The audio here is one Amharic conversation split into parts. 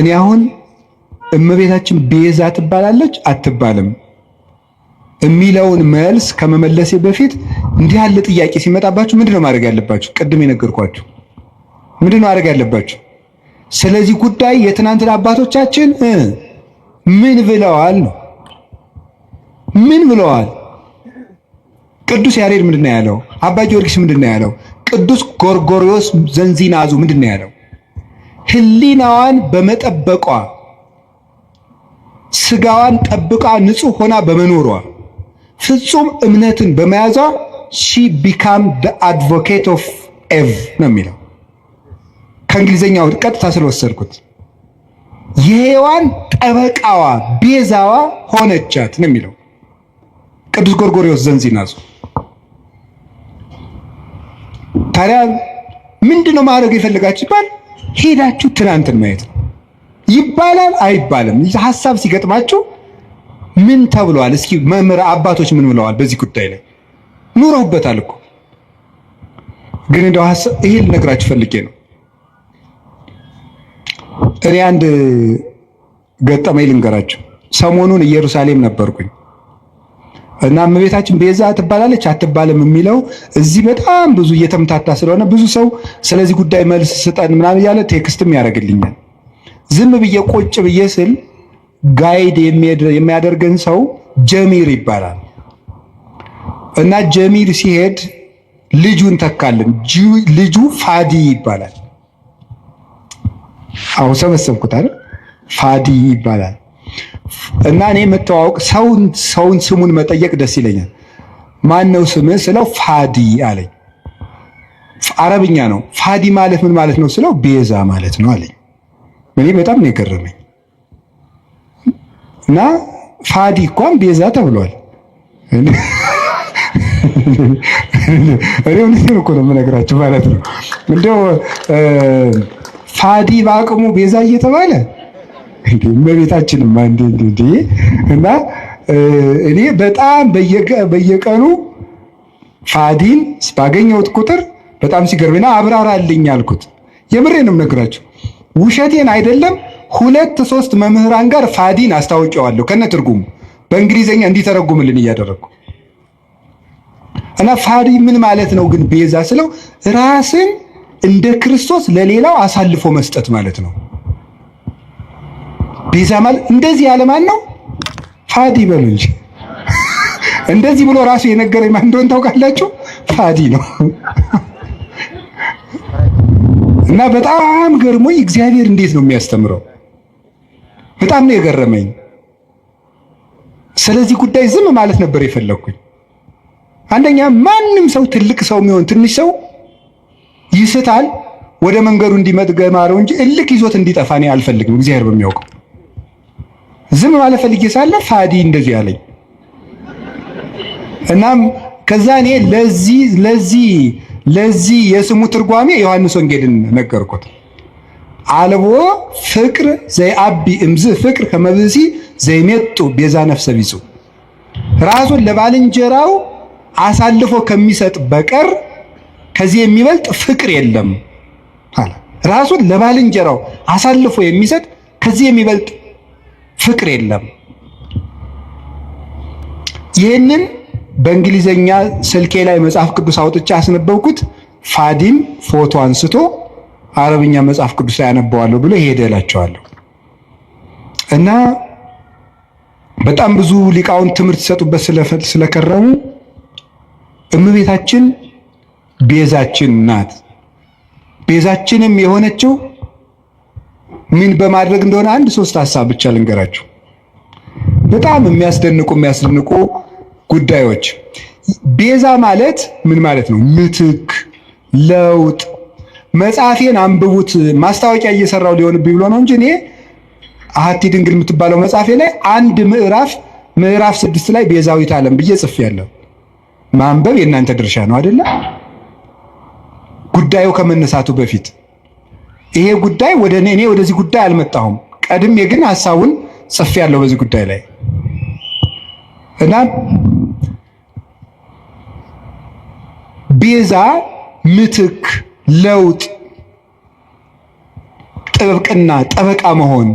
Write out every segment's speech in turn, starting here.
እኔ አሁን እመቤታችን ቤዛ ትባላለች አትባልም የሚለውን መልስ ከመመለሴ በፊት እንዲህ ያለ ጥያቄ ሲመጣባችሁ ምንድነው ማድረግ ያለባችሁ? ቅድም የነገርኳችሁ ምንድን ነው ማድረግ ያለባችሁ? ስለዚህ ጉዳይ የትናንትን አባቶቻችን ምን ብለዋል ነው ምን ብለዋል? ቅዱስ ያሬድ ምንድነው ነው ያለው? አባ ጊዮርጊስ ምንድነው ያለው? ቅዱስ ጎርጎሪዎስ ዘንዚናዙ ምንድነው ያለው? ህሊናዋን በመጠበቋ ስጋዋን ጠብቃ ንጹህ ሆና በመኖሯ ፍጹም እምነትን በመያዟ ሺ ቢካም ደ አድቮኬት ኦፍ ኤቭ ነው የሚለው ከእንግሊዝኛው ቀጥታ ስለወሰድኩት የሔዋን ጠበቃዋ ቤዛዋ ሆነቻት ነው የሚለው ቅዱስ ጎርጎርዮስ ዘንዚናዙ። ታዲያ ምንድን ነው ማድረግ ይባል ሄዳችሁ ትናንትን ማየት ነው ይባላል አይባልም። ሀሳብ ሲገጥማችሁ ምን ተብለዋል? እስኪ መምህር አባቶች ምን ብለዋል? በዚህ ጉዳይ ላይ ኑረውበታል እኮ ግን እንደው ሀሳብ ይሄ ልነግራችሁ ፈልጌ ነው። እኔ አንድ ገጠመኝ ልንገራችሁ። ሰሞኑን ኢየሩሳሌም ነበርኩኝ። እና እመቤታችን ቤዛ ትባላለች አትባልም የሚለው እዚህ በጣም ብዙ እየተምታታ ስለሆነ ብዙ ሰው ስለዚህ ጉዳይ መልስ ስጠን ምናምን እያለ ቴክስትም ያደርግልኛል። ዝም ብዬ ቆጭ ብዬ ስል ጋይድ የሚያደርገን ሰው ጀሚር ይባላል እና ጀሚር ሲሄድ ልጁን ተካልን። ልጁ ፋዲ ይባላል። አሁን ሰበሰብኩት አይደል? ፋዲ ይባላል። እና እኔ የምተዋወቅ ሰውን ስሙን መጠየቅ ደስ ይለኛል። ማነው ስምህ ስለው ፋዲ አለኝ። አረብኛ ነው። ፋዲ ማለት ምን ማለት ነው ስለው ቤዛ ማለት ነው አለኝ። እኔ በጣም ነው የገረመኝ። እና ፋዲ እንኳን ቤዛ ተብሏል። እኔ እውነቴን እኮ ነው የምነግራችሁ ማለት ነው። እንደው ፋዲ በአቅሙ ቤዛ እየተባለ እመቤታችንም አንድ እና እኔ በጣም በየቀኑ ፋዲን ባገኘሁት ቁጥር በጣም ሲገርምና አብራራልኝ አልኩት። ነው ነግራችሁ ውሸቴን አይደለም። ሁለት ሶስት መምህራን ጋር ፋዲን አስታውቂዋለሁ ከነ ትርጉሙ በእንግሊዝኛ እንዲተረጉምልን እያደረግኩ እና ፋዲ ምን ማለት ነው ግን ቤዛ ስለው ራስን እንደ ክርስቶስ ለሌላው አሳልፎ መስጠት ማለት ነው። ማለት እንደዚህ ያለ ማን ነው? ፋዲ በሉ እንጂ እንደዚህ ብሎ ራሱ የነገረኝ ማን እንደሆነ ታውቃላችሁ? ፋዲ ነው። እና በጣም ገርሞኝ እግዚአብሔር እንዴት ነው የሚያስተምረው? በጣም ነው የገረመኝ። ስለዚህ ጉዳይ ዝም ማለት ነበር የፈለግኩኝ። አንደኛ ማንም ሰው ትልቅ ሰው የሚሆን ትንሽ ሰው ይስታል። ወደ መንገዱ እንዲመጥ ገማረው እንጂ እልክ ይዞት እንዲጠፋ እኔ አልፈልግም። እግዚአብሔር በሚያውቀው ዝም ማለት ፈልጌ ሳለ ፋዲ እንደዚህ ያለኝ። እናም ከዛ እኔ ለዚህ ለዚህ ለዚህ የስሙ ትርጓሜ ዮሐንስ ወንጌልን ነገርኩት። አልቦ ፍቅር ዘይ አቢ እምዝ ፍቅር ከመብዚ ዘይሜጡ ቤዛ ነፍሰ ቢጹ ራሱን ለባልንጀራው አሳልፎ ከሚሰጥ በቀር ከዚህ የሚበልጥ ፍቅር የለም አለ። ራሱን ለባልንጀራው አሳልፎ የሚሰጥ ከዚህ የሚበልጥ ፍቅር የለም። ይህንን በእንግሊዘኛ ስልኬ ላይ መጽሐፍ ቅዱስ አውጥቼ አስነበብኩት። ፋዲም ፎቶ አንስቶ አረብኛ መጽሐፍ ቅዱስ ላይ አነበዋለሁ ብሎ ይሄደ እላቸዋለሁ። እና በጣም ብዙ ሊቃውንት ትምህርት ሲሰጡበት ስለከረሙ እመቤታችን ቤዛችን ናት። ቤዛችንም የሆነችው ምን በማድረግ እንደሆነ አንድ ሶስት ሀሳብ ብቻ ልንገራችሁ። በጣም የሚያስደንቁ የሚያስደንቁ ጉዳዮች ቤዛ ማለት ምን ማለት ነው? ምትክ፣ ለውጥ። መጽሐፌን አንብቡት። ማስታወቂያ እየሰራው ሊሆንብኝ ብሎ ነው እንጂ እኔ አሐቲ ድንግል የምትባለው መጽሐፌ ላይ አንድ ምዕራፍ ምዕራፍ ስድስት ላይ ቤዛዊት ዓለም ብዬ ጽፌያለሁ። ማንበብ የእናንተ ድርሻ ነው አይደለ? ጉዳዩ ከመነሳቱ በፊት ይሄ ጉዳይ ወደ እኔ ወደዚህ ጉዳይ አልመጣሁም። ቀድሜ ግን ሀሳቡን ጽፌ ያለው በዚህ ጉዳይ ላይ እና ቤዛ፣ ምትክ፣ ለውጥ፣ ጥብቅና፣ ጠበቃ መሆን፣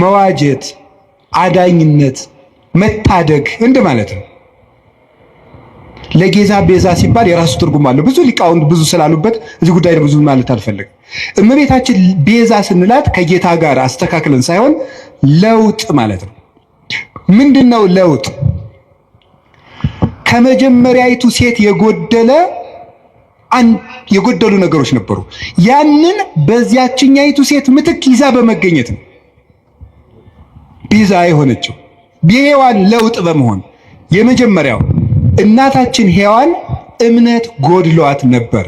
መዋጀት፣ አዳኝነት፣ መታደግ እንደ ማለት ነው። ለጌዛ ቤዛ ሲባል የራሱ ትርጉም አለው። ብዙ ሊቃውንት ብዙ ስላሉበት እዚህ ጉዳይ ብዙ ማለት አልፈልግም። እመቤታችን ቤዛ ስንላት ከጌታ ጋር አስተካክለን ሳይሆን ለውጥ ማለት ነው። ምንድን ነው ለውጥ? ከመጀመሪያይቱ ሴት የጎደለ የጎደሉ ነገሮች ነበሩ። ያንን በዚያችኛይቱ ሴት ምትክ ይዛ በመገኘት ነው ቤዛ የሆነችው፣ የሔዋን ለውጥ በመሆን የመጀመሪያው እናታችን ሔዋን እምነት ጎድሏት ነበር።